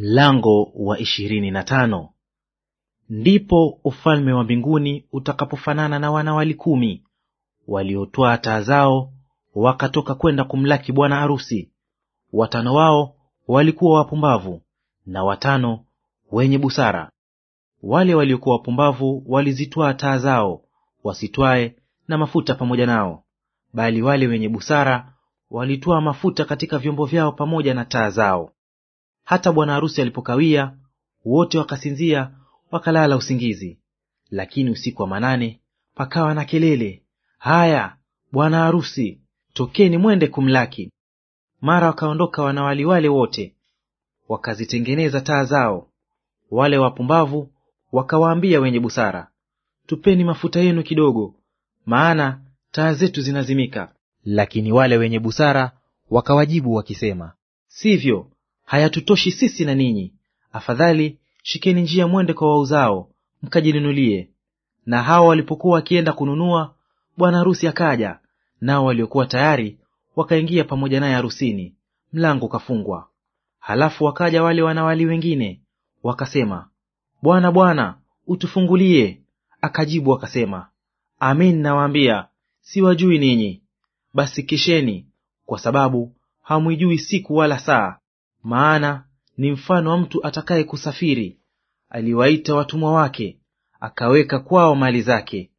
Mlango wa ishirini na tano. Ndipo ufalme wa mbinguni utakapofanana na wanawali kumi waliotwaa taa zao wakatoka kwenda kumlaki bwana arusi. Watano wao walikuwa wapumbavu na watano wenye busara. Wale waliokuwa wapumbavu walizitwaa taa zao, wasitwae na mafuta pamoja nao, bali wale wenye busara walitwaa mafuta katika vyombo vyao pamoja na taa zao. Hata bwana harusi alipokawia, wote wakasinzia, wakalala usingizi. Lakini usiku wa manane pakawa na kelele, haya, bwana harusi, tokeni mwende kumlaki. Mara wakaondoka wanawali wale wote, wakazitengeneza taa zao. Wale wapumbavu wakawaambia wenye busara, tupeni mafuta yenu kidogo, maana taa zetu zinazimika. Lakini wale wenye busara wakawajibu wakisema, sivyo, hayatutoshi sisi na ninyi; afadhali shikeni njia mwende kwa wauzao, mkajinunulie. Na hawa walipokuwa wakienda kununua, bwana harusi akaja, nao waliokuwa tayari wakaingia pamoja naye harusini, mlango ukafungwa. Halafu wakaja wale wanawali wengine wakasema, Bwana, Bwana, utufungulie. Akajibu akasema, Amin nawaambia, siwajui ninyi. Basi kesheni, kwa sababu hamwijui siku wala saa maana ni mfano wa mtu atakaye kusafiri, aliwaita watumwa wake, akaweka kwao mali zake,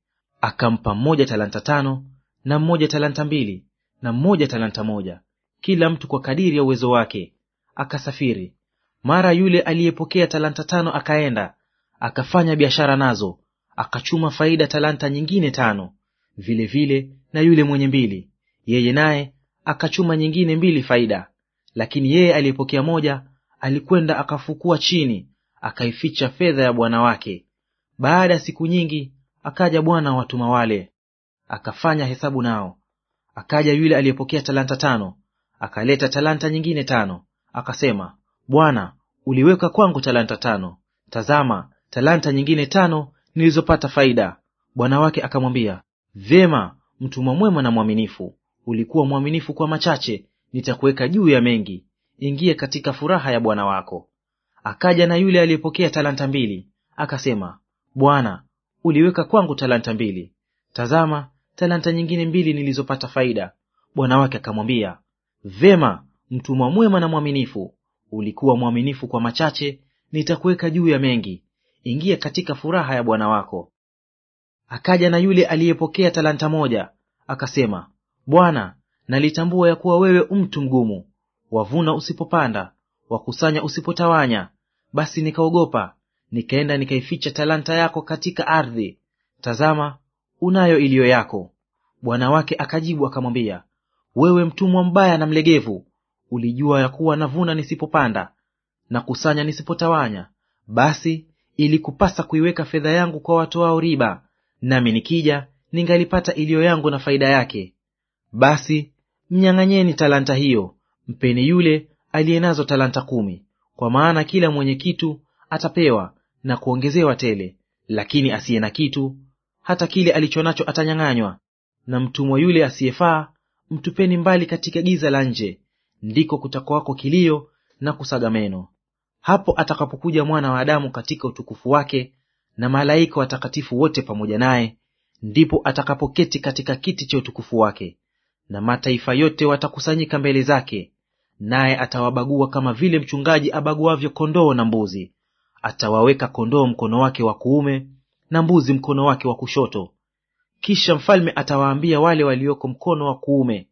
akampa mmoja talanta tano na mmoja talanta mbili na mmoja talanta moja, kila mtu kwa kadiri ya uwezo wake, akasafiri. Mara yule aliyepokea talanta tano akaenda akafanya biashara nazo, akachuma faida talanta nyingine tano. Vilevile vile, na yule mwenye mbili, yeye naye akachuma nyingine mbili faida. Lakini yeye aliyepokea moja alikwenda akafukua chini, akaificha fedha ya bwana wake. Baada ya siku nyingi akaja bwana wa watumwa wale, akafanya hesabu nao. Akaja yule aliyepokea talanta tano, akaleta talanta nyingine tano, akasema, Bwana, uliweka kwangu talanta tano; tazama, talanta nyingine tano nilizopata faida. Bwana wake akamwambia, Vyema, mtumwa mwema na mwaminifu, ulikuwa mwaminifu kwa machache, nitakuweka juu ya mengi, ingie katika furaha ya bwana wako. Akaja na yule aliyepokea talanta mbili, akasema, Bwana, uliweka kwangu talanta mbili, tazama talanta nyingine mbili nilizopata faida. Bwana wake akamwambia, vema, mtumwa mwema na mwaminifu, ulikuwa mwaminifu kwa machache, nitakuweka juu ya mengi, ingia katika furaha ya bwana wako. Akaja na yule aliyepokea talanta moja, akasema, Bwana, nalitambua ya kuwa wewe mtu mgumu, wavuna usipopanda, wakusanya usipotawanya. Basi nikaogopa, nikaenda nikaificha talanta yako katika ardhi. Tazama, unayo iliyo yako. Bwana wake akajibu akamwambia, wewe mtumwa mbaya na mlegevu, ulijua ya kuwa navuna nisipopanda na kusanya nisipotawanya. Basi ilikupasa kuiweka fedha yangu kwa watoao riba, nami nikija ningalipata iliyo yangu na faida yake. Basi Mnyang'anyeni talanta hiyo, mpeni yule aliye nazo talanta kumi, kwa maana kila mwenye kitu atapewa na kuongezewa tele, lakini asiye na kitu, hata kile alicho nacho atanyang'anywa. Na mtumwa yule asiyefaa mtupeni mbali katika giza la nje, ndiko kutakuwako kilio na kusaga meno, hapo atakapokuja Mwana wa Adamu katika utukufu wake na malaika watakatifu wote pamoja naye, ndipo atakapoketi katika kiti cha utukufu wake na mataifa yote watakusanyika mbele zake, naye atawabagua kama vile mchungaji abaguavyo kondoo na mbuzi. Atawaweka kondoo mkono wake wa kuume na mbuzi mkono wake wa kushoto. Kisha mfalme atawaambia wale walioko mkono wa kuume,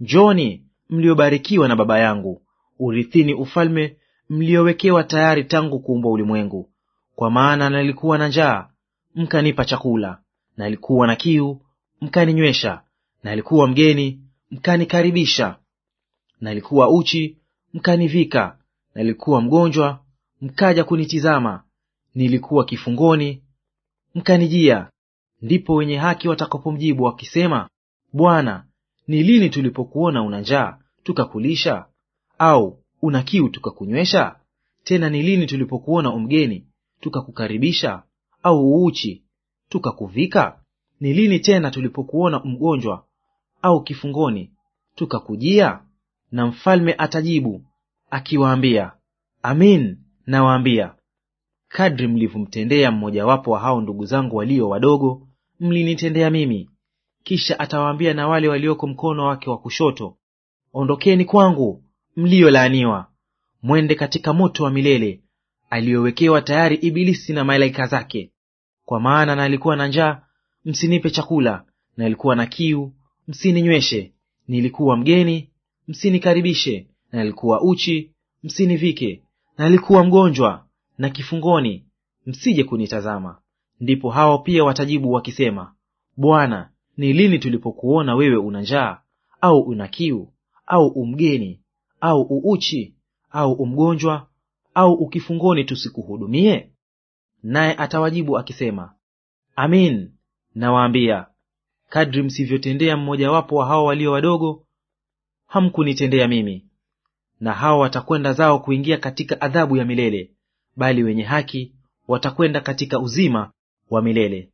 njoni mliobarikiwa na Baba yangu, urithini ufalme mliowekewa tayari tangu kuumbwa ulimwengu. Kwa maana nalikuwa na njaa, mkanipa chakula, nalikuwa na kiu, mkaninywesha nalikuwa mgeni mkanikaribisha, nalikuwa uchi mkanivika, nalikuwa mgonjwa mkaja kunitizama, nilikuwa kifungoni mkanijia. Ndipo wenye haki watakapomjibu wakisema, Bwana, ni lini tulipokuona una njaa tukakulisha, au una kiu tukakunywesha? Tena ni lini tulipokuona umgeni tukakukaribisha, au uuchi tukakuvika? Ni lini tena tulipokuona mgonjwa au kifungoni tukakujia? Na mfalme atajibu akiwaambia, amin nawaambia, kadri mlivyomtendea mmojawapo wa hao ndugu zangu walio wadogo, mlinitendea mimi. Kisha atawaambia na wale walioko mkono wake wa kushoto, ondokeni kwangu, mliolaaniwa, mwende katika moto wa milele aliyowekewa tayari Ibilisi na malaika zake. Kwa maana nalikuwa na njaa msinipe chakula, na ilikuwa na kiu, msininyweshe; nilikuwa mgeni, msinikaribishe, na ilikuwa uchi, msinivike; na ilikuwa mgonjwa na kifungoni, msije kunitazama. Ndipo hao pia watajibu wakisema, Bwana, ni lini tulipokuona wewe una njaa au una kiu au umgeni au uuchi au umgonjwa au ukifungoni, tusikuhudumie? Naye atawajibu akisema, Amin, Nawaambia, kadri msivyotendea mmojawapo wa hao walio wadogo, hamkunitendea mimi. Na hao watakwenda zao kuingia katika adhabu ya milele, bali wenye haki watakwenda katika uzima wa milele.